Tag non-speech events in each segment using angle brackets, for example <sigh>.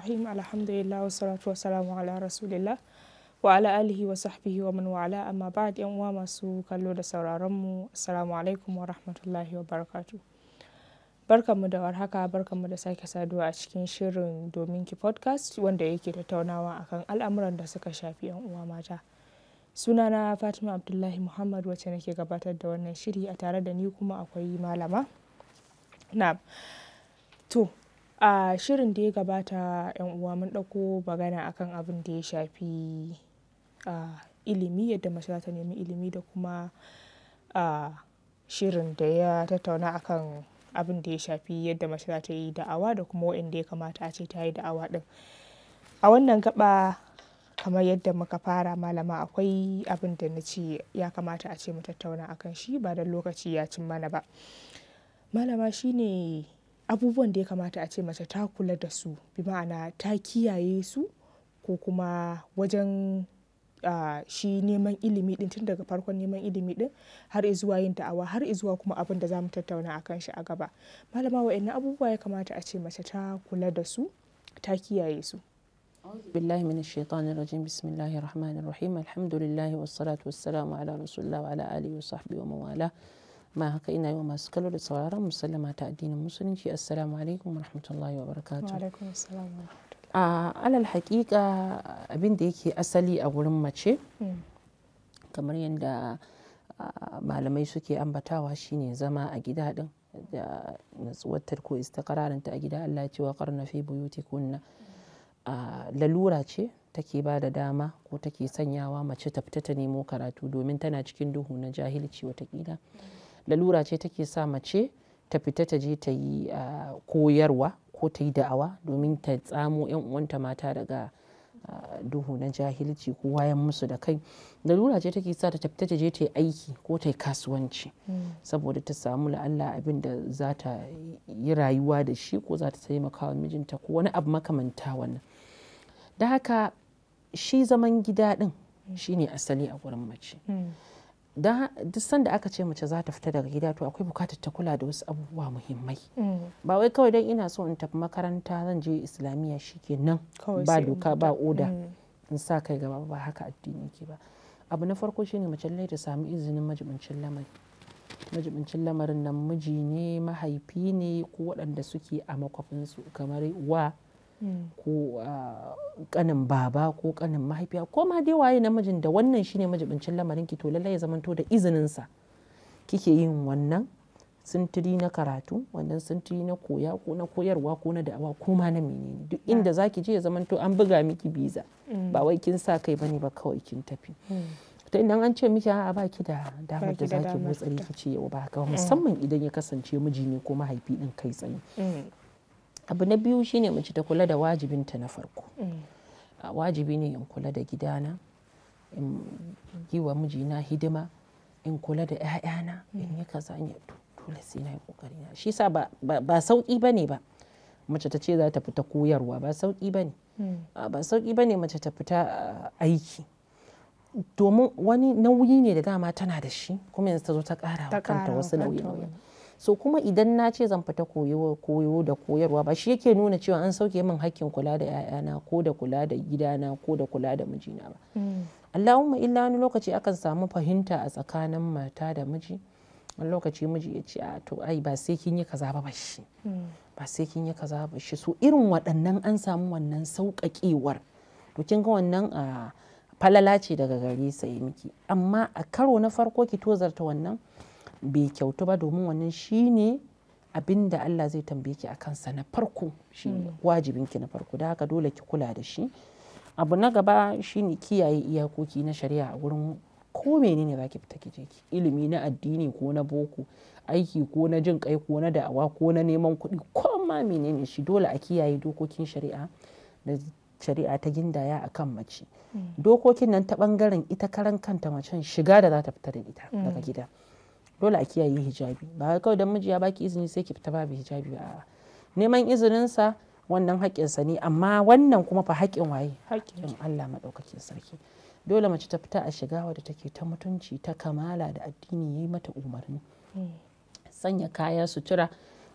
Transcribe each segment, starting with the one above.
rahim alhamdulillah wasu salatu wassalamu ala rasulillah wa ala alihi wa sahbihi wa mun wala amma ba'd yan uwa masu kallo da sauraron mu alaikum wa rahmatullahi wa barakatu barkanmu da warhaka barkanmu da sake saduwa a cikin shirin domin ki podcast wanda yake tattaunawa akan al'amuran da suka shafi yan uwa mata sunana fatima abdullahi muhammad wacce nake gabatar da wannan shiri a tare da ni kuma akwai malama na to A shirin da ya gabata 'yan uwa mun ɗauko magana akan abin da ya shafi ilimi yadda mace za ta nemi ilimi da kuma a shirin da ya tattauna akan abin da ya shafi yadda mace za ta yi da'awa da kuma waanda ya kamata a ce ta yi da'awa din. A wannan gaba kamar yadda muka fara malama akwai abin da na ce ya kamata a ce mu tattauna akan shi ba don lokaci ya cin mana ba. Malama shine ne abubuwan da ya kamata a ce mace ta kula da su bi ma'ana ta kiyaye su ko kuma wajen shi neman ilimi din tun daga farkon neman ilimi din har izuwa yin da'awa har izuwa kuma abin da za mu tattauna akan shi a gaba malama wa'annan abubuwa ya kamata a ce mace ta kula da su ta kiyaye su billahi min shaitanir rajim bismillahi rahmanir rahim alhamdulillahi wassalatu wassalamu ala rasulillah wa ala alihi wa sahbihi wa mawala ma haka ina yi wa masu kallo da sauraron musallama ta addinin musulunci assalamu alaikum warahmatullahi wabarakatuh a alal hakika abin da yake asali a wurin mace hmm. kamar yadda malamai suke ambatawa shine zama a gida din da natsuwatar ko istakararinta a gida Allah ce wa karna fi buyuti kunna lalura ce take ba da dama ko take sanyawa mace ta fita ta nemo karatu domin tana cikin duhu na jahilci watakila. lalura ce take sa mace ta fita ta je ta yi ah, koyarwa ko ta yi da'awa domin ta tsamo 'yan uwanta mata daga ah, duhu na jahilci ko wayan musu da kai lalura ce take sa ta fita ta je ta yi aiki ko ta yi kasuwanci mm. saboda ta samu la'alla abin da za ta yi rayuwa da shi ko za ta taimaka mijinta ko wani abu makamanta wannan da haka shi zaman gida din mm. shine asali a gurin mace mm. don duk sanda aka ce mace za ta fita daga gida to akwai bukatar ta kula da wasu abubuwa muhimmai mm. ba wai kawai don ina so in tafi makaranta zan je islamiyya shikenan ba doka ba oda mm. in sa kai gaba ba haka addini ke ba abu na farko shine mace lai ta samu izinin majibincin lamari majibincin lamarin nan miji ne mahaifi ne ko waɗanda suke a makwafinsu kamar wa Mm. ko kanin ah, baba ko kanin mahaifiya ko ma dai waye namijin da wannan shine majibincin lamarin ki to lallai ya zamanto da izinin sa kike yin wannan sintiri na karatu wannan sintiri na koya ko na koyarwa ko na da'awa ko ma na menene duk mm. inda zaki je ya zamanto an buga miki biza mm. ba wai kin sa kai bane ba kawai kin tafi ta idan an ce miki a'a baki da damar da zaki motsa ki yau ba haka musamman idan ya kasance miji ne ko mahaifi din kai tsaye abu na biyu shine mace ta kula da wajibinta na farko mm. wajibi ne in kula da gidana in yi mijina hidima in kula da 'ya'yana in yi kaza in dole sai na yi kokari na shi sa ba sauki ba ba mace ta ce za ta fita koyarwa ba sauki ba mm. ba sauki ba mace ta fita aiki domin wani nauyi ne da dama tana da shi kuma yanzu ta zo ta kara kanta wasu nauyi so kuma idan na ce zan fita koyo da koyarwa ba shi yake nuna cewa an sauke min hakkin kula da 'ya'yana ko da kula da gidana ko da kula da mijina ba mm. Allahumma illa wani lokaci akan samu fahimta a tsakanin mata da miji wani lokaci miji ya ce a to ai ba sai kin yi kaza ba shi mm. ba sai kin yi kaza ba shi so irin waɗannan an samu wannan sauƙaƙewar to kin ga wannan a falala ce daga gari sai miki amma a karo na farko ki tozarta wannan bai kyautu ba domin wannan shine abin da Allah zai tambaye ki a kansa na farko shi hmm. ki na farko da haka dole ki kula da shi abu na gaba shine kiyaye iyakoki na shari'a a wurin ko menene zaki fita kije je ki ilimi na addini ko na boko aiki ko na jin kai ko na da'awa ko na neman kuɗi ko ma menene shi dole a kiyaye dokokin shari'a da shari'a ta gindaya a kan mace hmm. dokokin nan ta bangaren ita karan kanta macen shiga da za ta fita da ita hmm. daga gida dole a kiyaye hijabi ba kawai dan miji ya baki izini sai ki fita babu hijabi ba neman izininsa wannan sa ne amma wannan kuma fa haƙƙin waye haƙƙin Allah maɗaukakin sarki dole mace ta fita a shiga wadda take ta mutunci ta kamala da addini ya yi mata umarni eh. sanya kaya sutura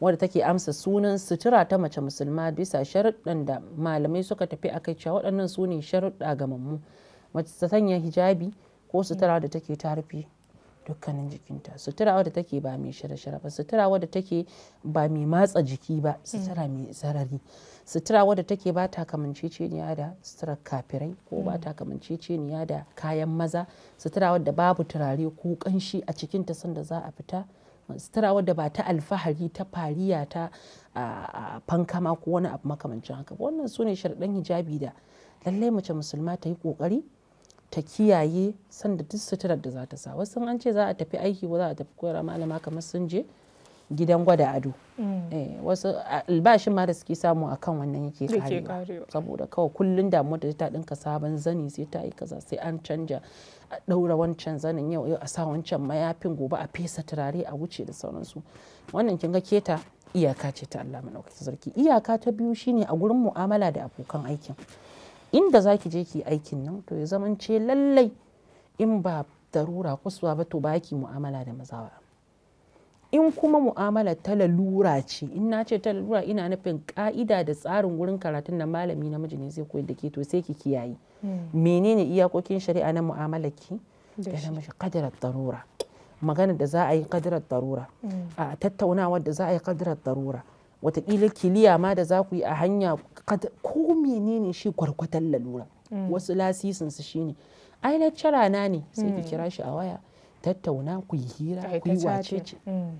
wadda take amsa sunan sutura ta mace musulma bisa sharuɗan da malamai suka tafi a kai cewa waɗannan su ne sharuɗa ga mammu mace ta sanya hijabi ko sutura eh. da take ta rufe dukkanin jikinta sutura wadda take ba mai shara-shara ba sutura wadda take ba mai matsa jiki ba mm. sutura mai zarari. sutura wadda take ba ta kamanceceniya da sutura kafirai ko ba mm. ta kamanceceniya da kayan maza sutura wadda babu turare ko kanshi a cikinta sanda za a fita sutura wadda ba ta alfahari ta fariya ta fankama ko wani abu makamancin haka wannan su ne sharɗan hijabi da lallai mace musulma ta yi ƙoƙari ta kiyaye sanda duk suturar da za ta sa wasu an ce za a tafi aiki ko za a tafi koyar malama kamar sun je gidan gwada ado mm. eh, wasu albashin ma da suke samu a kan wannan yake karewa saboda kawai kullum damuwa da ta dinka sabon zani sai ta yi kaza sai an canja a ɗaura wancan zanin yau a sa wancan mayafin gobe a fesa turare a wuce da sauransu wannan kin ga keta iyaka ce ta Allah madaukakin sarki iyaka ta biyu shine a gurin mu'amala da abokan aikin inda za ki je ki aikin nan to ya ce lallai in ba darura kusurwa ba to ba ki mu'amala da maza ba in kuma mu'amala ta lalura ce in na ce ta lalura ina nufin ka'ida da tsarin wurin karatun na malami namiji ne zai koyar da ke to sai ki kiyaye hmm. menene iyakokin shari'a na mu'amala ki da namiji kadirar darura magana da za a yi kadirar darura hmm. a tattaunawa da za a yi kadirar darura watakila kiliya ma da za ku yi a hanya ko menene shi kwarkwatan lalura mm. wasu lasisin su shine ai lecturer na ne sai ki mm. kira shi a waya tattauna ku yi hira ku yi wacece mm.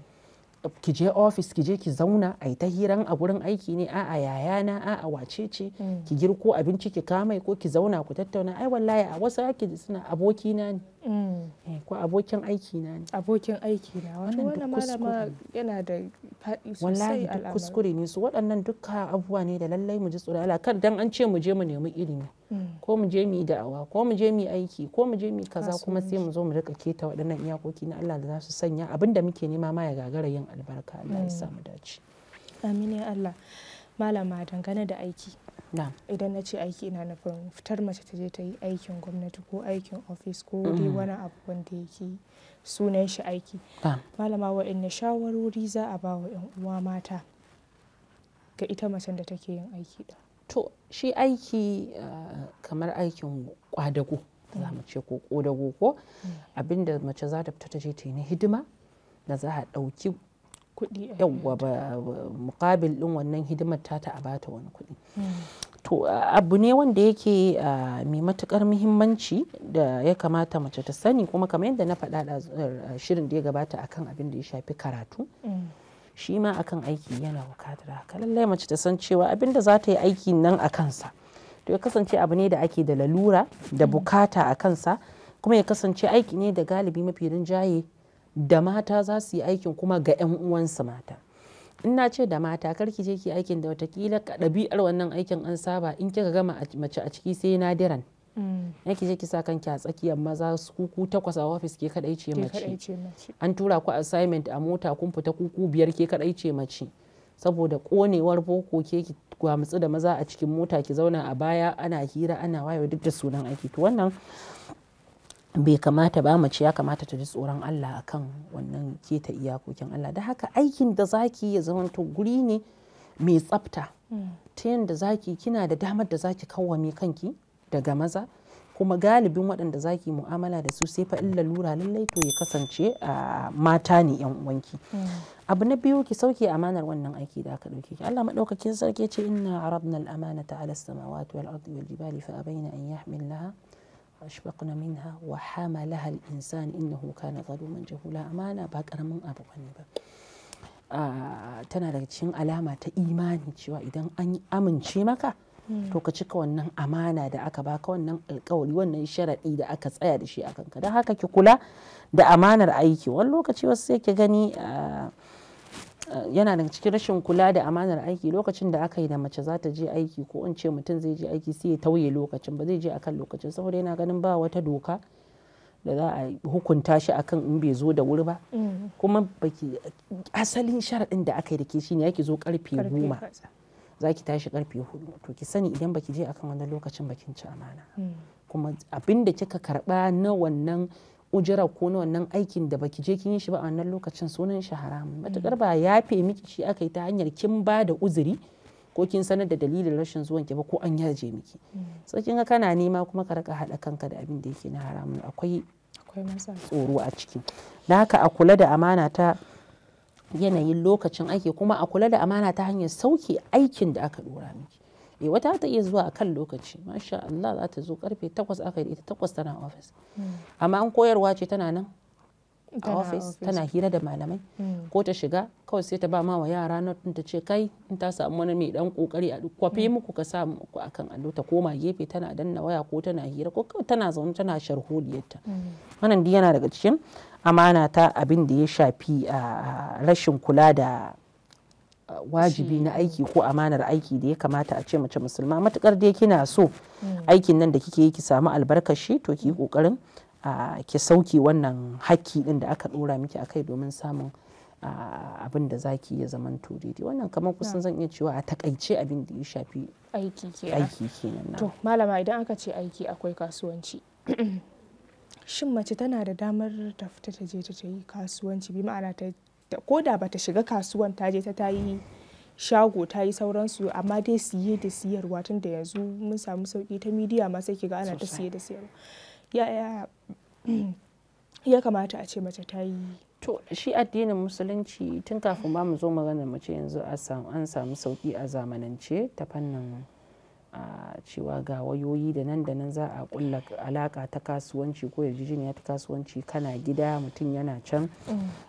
ki je ofis ki je ki zauna a ta hiran a gurin aiki ne a a yaya na a a wace ce ki girko abinci ki kamai ko ki zauna ku tattauna ai wallahi a wasu aiki suna aboki ne Mm. Eh, ko abokin aiki na ne abokin aiki na wannan malama yana da faɗi sosai wallahi kuskure ne su waɗannan duka abubuwa ne da lallai mu ji tsoro kar dan an ce mu je mu nemi ilimi mm. ko mu je mu yi da'awa ko mu je mu aiki ko mu je mu kaza kuma sai mu zo mu rika keta waɗannan iyakoki na Allah da za su sanya abinda muke nema ma ya gagara yin albarka Allah ya mm. samu dace amin ya Allah malama dangane da aiki idan na ce aiki na nufin fitar mace ta je ta yi aikin gwamnati ko aikin ofis ko dai mm. wani abu wanda yake sunan shi aiki malama wa'in shawarwari za a ba wa 'yan uwa mata ga ita macen da take yin aiki da to shi aiki eh, kamar aikin kwadago za mu ce ko kodago ko mm. abinda mace za ta fita ta je ta yi na hidima da za a ɗauki kuɗi ba mukabil ɗin wannan hidimar ta' a bata wani kuɗi hmm. to abu ne wanda yake mai matukar muhimmanci da ya kamata mace ta sani kuma kamar yadda na faɗa da er, shirin da ya gabata akan abin da ya shafi karatu hmm. shi ma akan aiki yana bukatar haka lallai mace ta san cewa abin da za ta yi aiki nan a kansa to ya kasance abu ne da ake da lalura da hmm. bukata a kansa kuma ya kasance aiki ne da galibi mafi rinjaye da mata za su yi aikin kuma ga 'yan uwansu mata Ina ce da mata karki je ki aikin da watakila ɗabi'ar wannan aikin an saba in kika gama mace a ciki sai nadiran Ya mm. ki je ki sa kanki a tsakiyar maza su kuku takwas a ofis ke kadai ce mace an tura ku assignment a mota kun fita kuku biyar ke kadai ce mace saboda konewar boko ke ki gwamutsu da maza a cikin mota ki zauna a baya ana hira ana wayo duk da sunan aiki to wannan bai kamata ba mace ya kamata ta ji tsoron Allah akan wannan keta iyakokin Allah da haka aikin da zaki ya zama zamanto guri ne mai tsafta hmm. ta yadda zaki kina da damar da zaki kawwame kanki daga maza kuma galibin waɗanda zaki mu'amala da su sai fa illa lura lallai to ya kasance a mata ne yan uwanki hmm. abu na biyu ki sauke amanar wannan aiki da aka dauke ki Allah madaukakin sarki ce inna aradna al-amanata ala as-samawati wal ardi wal jibali fa abaina an yahmilnaha أشبقنا منها وحملها الإنسان إنه كان innahu kana zaluman jahula amana ba karamin abu bane ba tana daga cikin alama ta imani cewa idan an amince maka to ka cika wannan amana da aka baka wannan alkawari wannan sharaɗi da aka tsaya da shi a kanka don haka ki kula da amanar aiki wani lokaci wasu sai ki gani yana daga cikin rashin kula da amanar aiki lokacin da aka yi da mace za ta je aiki ko in ce mutum zai je aiki sai ya tauye lokacin ba zai je akan lokacin saboda yana ganin ba wata doka da za a hukunta shi akan in bai zo da wuri ba mm. kuma baki asalin sharaɗin da aka yi da ke shi ya yake zo karfe goma za ki tashi karfe hudu to ki sani idan baki je akan wannan lokacin bakin ci amana mm. kuma abinda kika karba na wannan ujira ko na wannan aikin da baki je kin yi shi ba a wannan lokacin sunan shi haramun mm. matukar ba yafe miki shi aka yi ta hanyar kin ba da uzuri ko kin sanar da dalilin rashin zuwan ki ba ko an yaje miki mm. so kin ga kana nema kuma ka raka hada kanka da abin da yake na haramun akwai tsoro a ciki da haka a kula da amana ta yanayin lokacin aiki kuma a kula da amana ta hanyar sauke aikin da aka dora miki eh wata ta iya zuwa a kan lokaci masha Allah za ta zo karfe 8 aka yi ita 8 tana office hmm. amma an koyarwa ce tana nan a office tana hira da malamai hmm. ko ta shiga kawai sai ta ba ma wa yara na ta ce kai in ta samu wani mai dan kokari a kwafe hmm. muku ka sa muku akan allo ta koma gefe tana danna waya ko tana hira ko tana zaune tana sharholiyarta wannan duk yana daga cikin amana ta abin da ya shafi ah, rashin kula da wajibi na aiki ko amanar aiki da ya kamata a ce mace musulma matukar dai kina so hmm. aikin nan da kike yi ki samu albarkashi to ki kokarin ki sauke wannan hakki din da aka dora miki akai domin samun abin da zaki ya zaman to daidai wannan kamar kusan zan iya cewa a takaice abin da ya shafi aiki kenan aiki kenan to malama idan aka ce aiki akwai kasuwanci <clears throat> shin mace tana da damar ta fita ta je ta yi kasuwanci bi ma'ana ta ko da ba ta shiga kasuwan ta je ta ta yi shago ta yi sauransu amma dai siye da siyarwa tun da yanzu mun samu sauki ta midiya ma sai ga ana ta siye da siyarwa ya ya ya kamata a ce mace ta yi to shi addinin musulunci tun kafin ba mu zo magana mace yanzu an samu sauki a zamanance ta fannin A cewa ga wayoyi da nan da nan za a kulla alaka ta kasuwanci ko yarjejeniya ta kasuwanci kana gida mutum yana can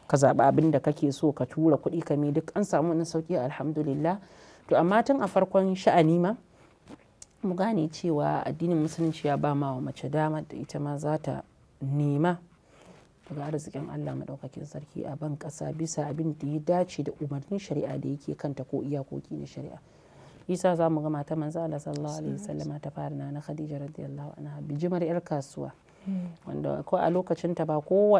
ka zaɓi abin da kake so ka tura kuɗi ka me duk an samu wani sauki alhamdulillah to amma tun a farkon sha'ani ma mu gane cewa addinin musulunci ya ba ma wa mace dama da ita ma za ta nema daga arzikin Allah maɗaukakin sarki a ban ƙasa bisa abin da ya dace da umarnin shari'a da yake kanta ko iyakoki na shari'a isa za mu ga mata manzo Allah sallallahu alaihi wasallam ta fara na Khadija radiyallahu anha bijimar yar kasuwa hmm. wanda ko a lokacin ta ba ko ko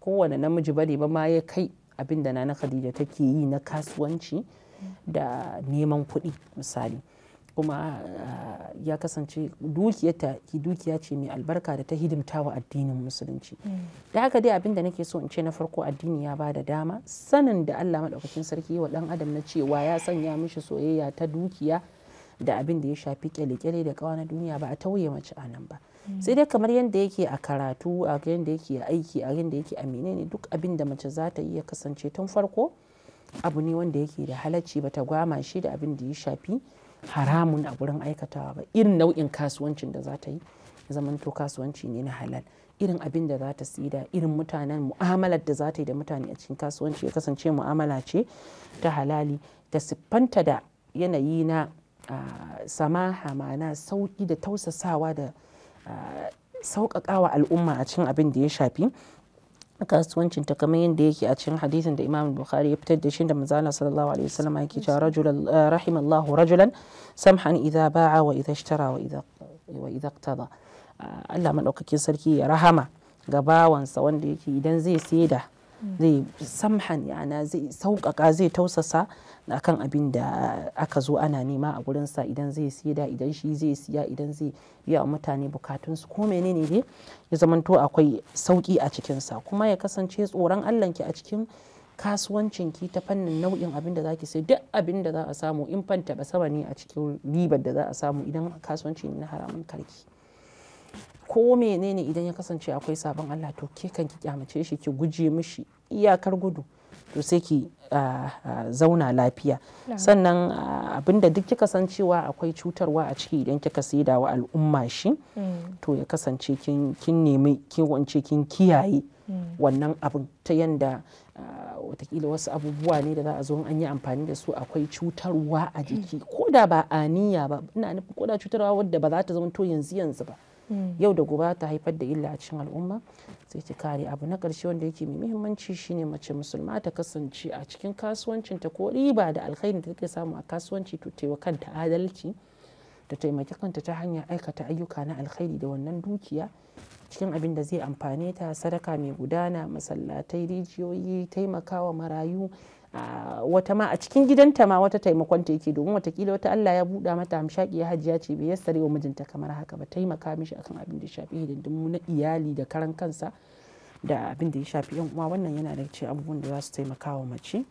kowane namiji bane ba ma ya kai abinda da na Khadija take yi na kasuwanci hmm. da neman kuɗi misali kuma eh, ya kasance dukiya ce mai albarka da ta hidimta wa addinin musulunci mm. da haka dai abinda nake so in ce na farko addini ya bada dama sanin da Allah maɗaukakin sarki wa ɗan adam na cewa ya sanya mishi soyayya ta dukiya da abin da ya shafi kyale-kyale da kawa na duniya ba a tauye mace a nan ba mm. sai dai kamar yadda yake a karatu a yadda yake a aiki a yadda yake a menene duk abinda mace za ta ya kasance tun farko abu ne wanda yake da halacci bata gwama shi da abin da ya shafi haramun a wurin aikatawa ba irin nau'in kasuwancin da za ta yi zamanto kasuwanci ne na halal irin abin da za ta sida irin mutanen mu'amalar da za ta yi da mutane a cikin kasuwanci ya kasance mu'amala ce ta halali ta siffanta da yanayi na ah, samaha ma'ana sauki da tausasawa da ah, sauƙaƙawa al'umma a cikin abin da ya shafi kasuwancinta kamar yadda yake a cikin hadisin da imam bukhari ya fitar da shi da manzala sallallahu alaihi wasallam yake cewa rajulan eh, rahimallahu rajulan samhan idza ba'a wa idza ishtara wa idza wa idza ah, Allah madaukakin sarki ya rahama ga bawansa wanda yake idan zai saida hmm. zai samhan yana zai sauƙaƙa zai tausasa akan abin da aka zo ana nema a sa idan zai siya da idan shi zai siya idan zai biya mutane bukatunsu ko menene dai ya zamanto akwai sauki a cikinsa kuma ya kasance tsoron ki a cikin kasuwancin ki ta fannin nau'in abin da zaki sai duk abin da za a samu in fanta taba sama ne a cikin ribar da za a samu idan kasuwanci ne na haramun karki ko menene idan ya kasance akwai sabon Allah to ke kan ki kyamace shi ki guje mishi iyakar gudu to sai ki zauna lafiya sannan abinda duk kika san cewa akwai cutarwa a ciki idan kika saida wa al'umma shi mm. to ya kasance kin nemi wance kin kiyaye mm. wannan abin ta yanda watakila wasu abubuwa ne da za a zo an yi amfani da su akwai cutarwa a jiki mm. ko da ba aniya ba ina nufin ko da cutarwa wadda ba za ta zama to yanzu yanzu ba Hmm. yau da gobe ta haifar da illa a cikin al'umma sai ki kare abu na karshe wanda yake mai muhimmanci shine mace musulma ta kasance a cikin kasuwancinta ko riba da alkhairin da take samu a kasuwanci to taiwa kanta adalci ta taimaki kanta ta hanyar aikata ayyuka na alkhairi da wannan dukiya cikin abin da zai amfane ta sadaka mai gudana masallatai rijiyoyi taimakawa marayu wata ma a cikin gidanta ma wata taimakon ta yake domin watakila wata Allah ya buɗa mata hamshaki ya hajiya ce bai yassare wa mijinta kamar haka ba taimaka mishi akan abin da ya shafi hidindimu na iyali da karan kansa da abin da ya shafi yan uwa wannan yana da ce abubuwan da za su taimaka wa mace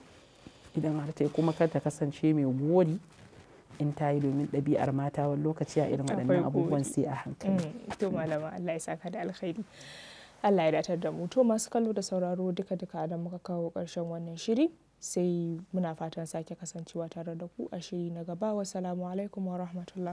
idan har ta kuma kar ta kasance mai gori in ta yi domin ɗabi'ar mata wani lokaci a irin waɗannan abubuwan sai a hankali. Eh, to malama Allah ya saka da alkhairi. Allah ya datar da mu to masu kallo da sauraro duka-duka da muka kawo ƙarshen wannan shiri sai muna fatan sake kasancewa tare da ku a shiri na gaba wasalamu alaikum wa rahmatullah